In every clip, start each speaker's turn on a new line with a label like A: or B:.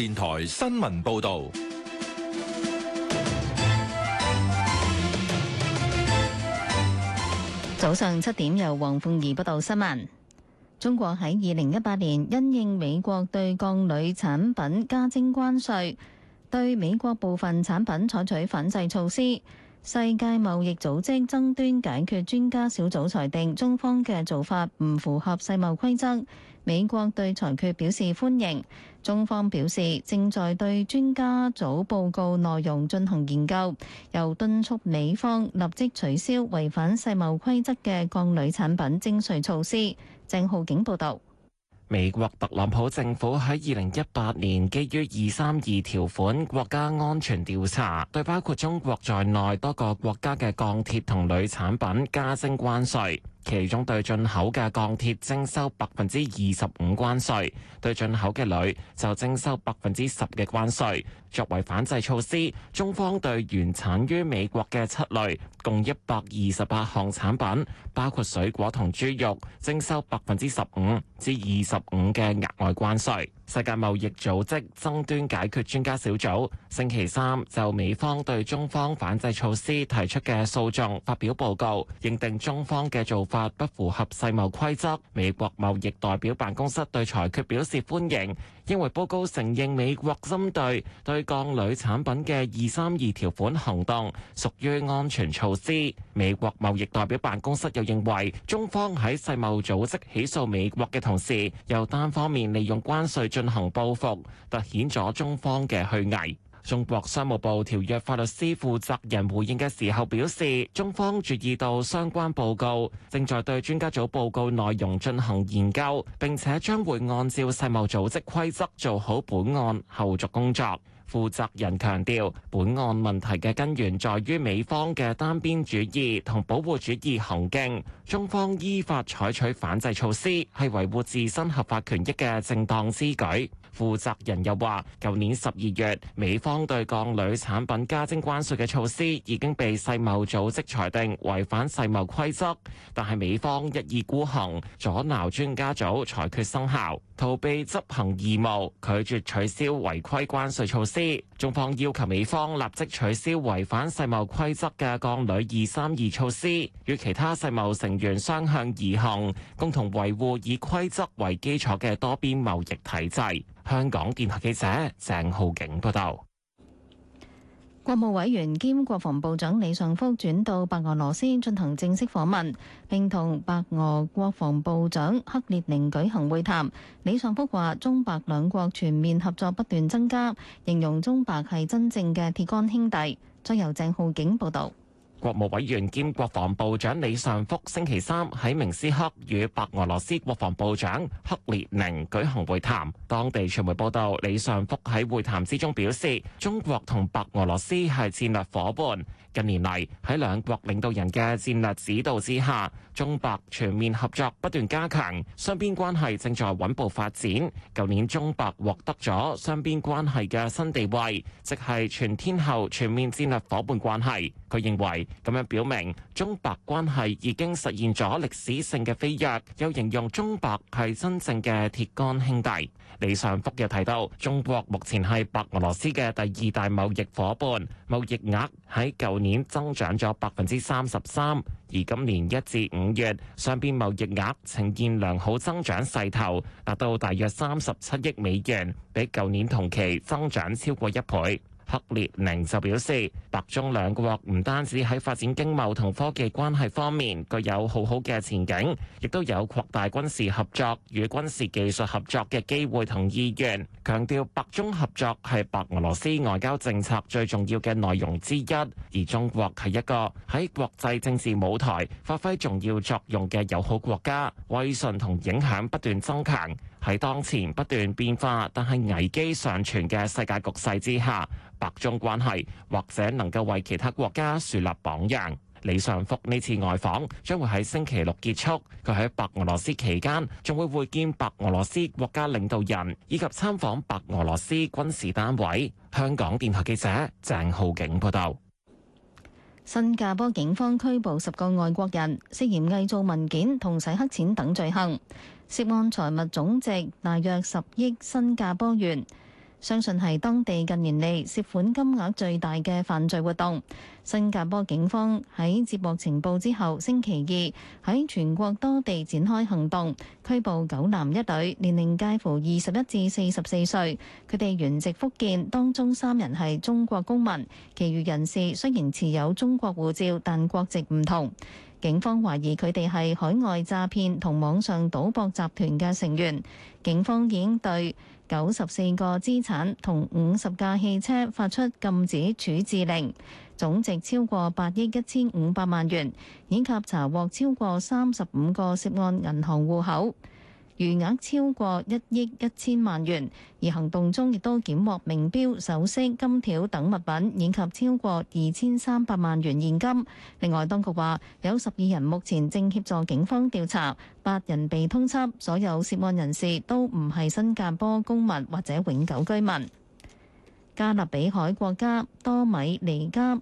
A: 電台新聞報道：
B: 早上七點，由黃鳳儀報道新聞。中國喺二零一八年因應美國對鋼鋁產品加徵關稅，對美國部分產品採取反制措施。世界貿易組織爭端解決專家小組裁定，中方嘅做法唔符合世貿規則。美國對裁決表示歡迎，中方表示正在對專家組報告內容進行研究，又敦促美方立即取消違反世貿規則嘅鋼鋁產品徵稅措施。鄭浩景報道。
C: 美國特朗普政府喺二零一八年基於二三二條款國家安全調查，對包括中國在內多個國家嘅鋼鐵同鋁產品加徵關稅。其中對進口嘅鋼鐵徵收百分之二十五關稅，對進口嘅鋁就徵收百分之十嘅關稅。作為反制措施，中方對原產於美國嘅七類共一百二十八項產品，包括水果同豬肉，徵收百分之十五至二十五嘅額外關稅。世界貿易組織爭端解決專家小組星期三就美方對中方反制措施提出嘅訴訟發表報告，認定中方嘅做法不符合世貿規則。美國貿易代表辦公室對裁決表示歡迎。因為報告承認美國針對對鋼鋁產品嘅二三二條款行動屬於安全措施，美國貿易代表辦公室又認為中方喺世貿組織起訴美國嘅同時，又單方面利用關稅進行報復，凸顯咗中方嘅虛偽。中國商務部條約法律司負責人回應嘅時候表示，中方注意到相關報告，正在對專家組報告內容進行研究，並且將會按照世貿組織規則做好本案後續工作。負責人強調，本案問題嘅根源在於美方嘅單邊主義同保護主義行徑，中方依法採取反制措施，係維護自身合法權益嘅正當之舉。負責人又話，舊年十二月，美方對鋼鋁產品加徵關稅嘅措施已經被世貿組織裁定違反世貿規則，但係美方一意孤行，阻撓專家組裁決生效，逃避執行義務，拒絕取消違規關稅措施。中方要求美方立即取消違反世貿規則嘅鋼鋁二三二措施，與其他世貿成員雙向而行，共同維護以規則為基礎嘅多邊貿易體制。香港電台記者鄭浩景報道，
B: 國務委員兼國防部長李尚福轉到白俄羅斯進行正式訪問，並同白俄國防部長克列寧舉行會談。李尚福話：中白兩國全面合作不斷增加，形容中白係真正嘅鐵桿兄弟。再由鄭浩景報道。
C: 國務委員兼國防部長李尚福星期三喺明斯克與白俄羅斯國防部長克列寧舉行會談。當地傳媒報道，李尚福喺會談之中表示，中國同白俄羅斯係戰略伙伴。近年嚟，喺兩國領導人嘅戰略指導之下，中白全面合作不斷加強，雙邊關係正在穩步發展。舊年中白獲得咗雙邊關係嘅新地位，即係全天候全面戰略伙伴關係。佢認為咁樣表明中白關係已經實現咗歷史性嘅飛躍，又形容中白係真正嘅鐵杆兄弟。李尚福又提到，中國目前係白俄羅斯嘅第二大貿易伙伴，貿易額喺舊年增長咗百分之三十三，而今年一至五月，雙邊貿易額呈現良好增長勢頭，達到大約三十七億美元，比舊年同期增長超過一倍。克列寧就表示，白中兩國唔單止喺發展經貿同科技關係方面具有好好嘅前景，亦都有擴大軍事合作與軍事技術合作嘅機會同意願，強調白中合作係白俄羅斯外交政策最重要嘅內容之一，而中國係一個喺國際政治舞台發揮重要作用嘅友好國家，威信同影響不斷增強。喺當前不斷變化但係危機尚存嘅世界局勢之下，白中關係或者能夠為其他國家樹立榜樣。李尚福呢次外訪將會喺星期六結束，佢喺白俄羅斯期間仲會會見白俄羅斯國家領導人以及參訪白俄羅斯軍事單位。香港電台記者鄭浩景報道。
B: 新加坡警方拘捕十個外國人，涉嫌偽造文件同洗黑錢等罪行，涉案財物總值大約十億新加坡元。相信係當地近年嚟涉款金額最大嘅犯罪活動。新加坡警方喺接獲情報之後，星期二喺全國多地展開行動，拘捕九男一女，年齡介乎二十一至四十四歲，佢哋原籍福建，當中三人係中國公民，其餘人士雖然持有中國護照，但國籍唔同。警方懷疑佢哋係海外詐騙同網上賭博集團嘅成員，警方已經對。九十四個資產同五十架汽車發出禁止處置令，總值超過八億一千五百萬元，以及查獲超過三十五個涉案銀行戶口。餘額超過一億一千萬元，而行動中亦都檢獲名錶、首飾、金條等物品，以及超過二千三百萬元現金。另外，當局話有十二人目前正協助警方調查，八人被通緝。所有涉案人士都唔係新加坡公民或者永久居民。加勒比海國家多米尼加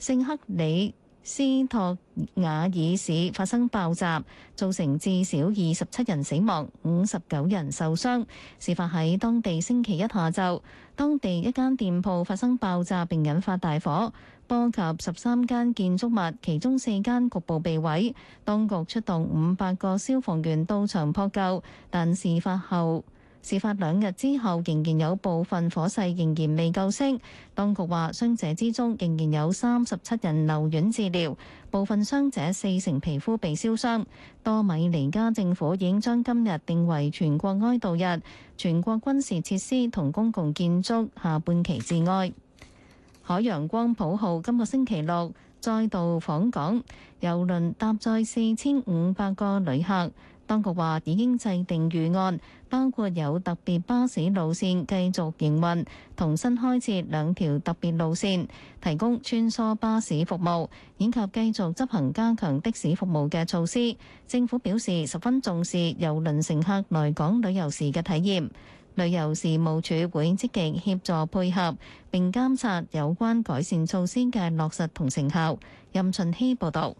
B: 聖克里斯托瓦爾市發生爆炸，造成至少二十七人死亡，五十九人受傷。事發喺當地星期一下晝，當地一間店鋪發生爆炸並引發大火，波及十三間建築物，其中四間局部被毀。當局出動五百個消防員到場撲救，但事發後。事發兩日之後，仍然有部分火勢仍然未救熄。當局話，傷者之中仍然有三十七人留院治療，部分傷者四成皮膚被燒傷。多米尼加政府已經將今日定為全國哀悼日，全國軍事設施同公共建築下半旗致哀。海洋光普號今個星期六再度訪港，郵輪搭載四千五百個旅客。當局話已經制定預案。包括有特別巴士路線繼續營運，同新開設兩條特別路線提供穿梭巴士服務，以及繼續執行加強的士服務嘅措施。政府表示十分重視郵輪乘客來港旅遊時嘅體驗，旅遊事務署會積極協助配合，並監察有關改善措施嘅落實同成效。任存希報道。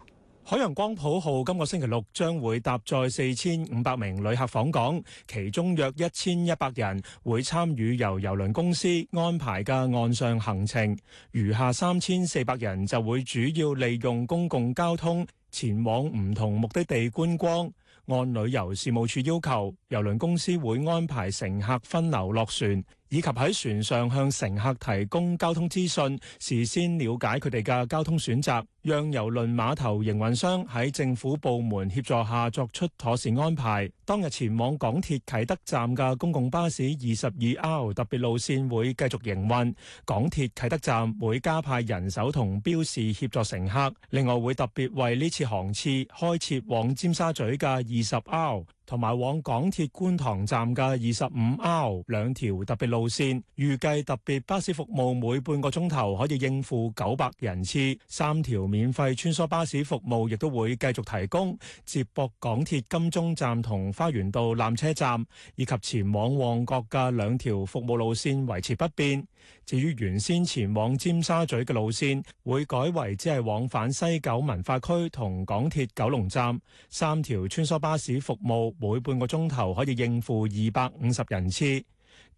A: 海洋光譜號今個星期六將會搭載四千五百名旅客訪港，其中約一千一百人會參與由郵輪公司安排嘅岸上行程，餘下三千四百人就會主要利用公共交通前往唔同目的地觀光。按旅遊事務處要求，郵輪公司會安排乘客分流落船。以及喺船上向乘客提供交通資訊，事先了解佢哋嘅交通選擇，讓郵輪碼頭營運商喺政府部門協助下作出妥善安排。當日前往港鐵啟德站嘅公共巴士二十二 R 特別路線會繼續營運，港鐵啟德站會加派人手同標示協助乘客，另外會特別為呢次航次開設往尖沙咀嘅二十 R。同埋往港鐵觀塘站嘅二十五 R 兩條特別路線，預計特別巴士服務每半個鐘頭可以應付九百人次。三條免費穿梭巴士服務亦都會繼續提供，接駁港鐵金鐘站同花園道纜車站，以及前往旺角嘅兩條服務路線維持不變。至於原先前往尖沙咀嘅路線，會改為只係往返西九文化區同港鐵九龍站，三條穿梭巴士服務，每半個鐘頭可以應付二百五十人次。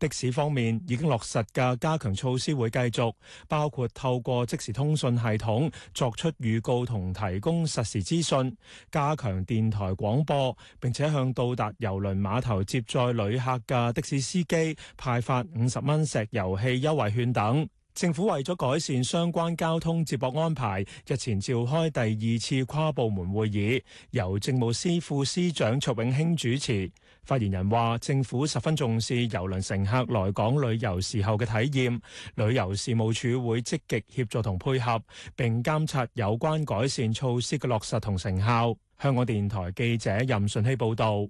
A: 的士方面已經落實嘅加強措施會繼續，包括透過即時通訊系統作出預告同提供實時資訊，加強電台廣播，並且向到達郵輪碼頭接載旅客嘅的，的士司機派發五十蚊石油氣優惠券等。政府為咗改善相關交通接駁安排，日前召開第二次跨部門會議，由政務司副司長卓永興主持。發言人話：政府十分重視郵輪乘客來港旅遊時候嘅體驗，旅遊事務署會積極協助同配合，並監察有關改善措施嘅落實同成效。香港電台記者任順希報道。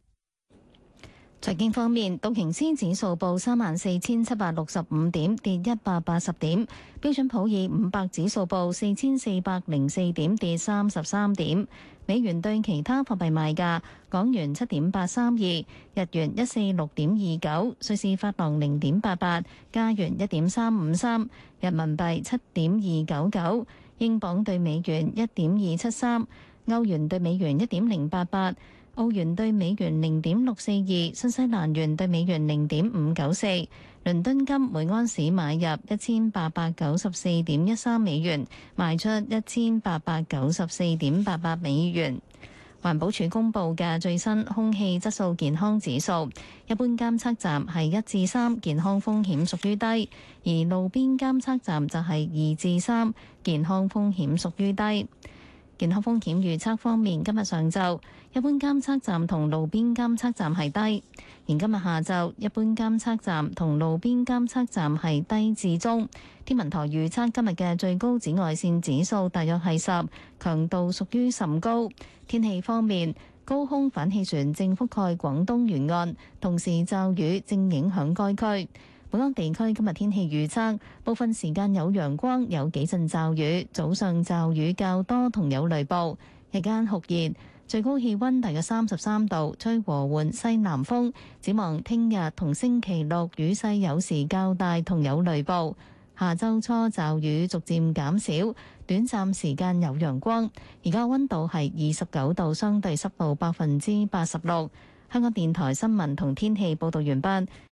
B: 財經方面，道瓊斯指數報三萬四千七百六十五點，跌一百八十點；標準普爾五百指數報四千四百零四點，跌三十三點。美元對其他貨幣賣價：港元七點八三二，日元一四六點二九，瑞士法郎零點八八，加元一點三五三，人民幣七點二九九，英鎊對美元一點二七三，歐元對美元一點零八八。澳元兌美元零點六四二，新西蘭元兌美元零點五九四，倫敦金每安士買入一千八百九十四點一三美元，賣出一千八百九十四點八八美元。環保署公布嘅最新空氣質素健康指數，一般監測站係一至三，健康風險屬於低；而路邊監測站就係二至三，健康風險屬於低。健康風險預測方面，今日上晝一般監測站同路邊監測站係低。而今日下晝一般監測站同路邊監測站係低至中。天文台預測今日嘅最高紫外線指數大約係十，強度屬於甚高。天氣方面，高空反氣旋正覆蓋廣東沿岸，同時驟雨正影響該區。本港地區今日天，天氣預測，部分時間有陽光，有幾陣驟雨，早上驟雨較多同有雷暴，日間酷熱，最高氣温大概三十三度，吹和緩西南風。展望聽日同星期六，雨勢有時較大同有雷暴，下周初驟雨逐漸減，減，減，減，減，減少，短暫時間有陽光。而家温度係二十九度，相對濕度百分之八十六。香港電台新聞同天氣報導完畢。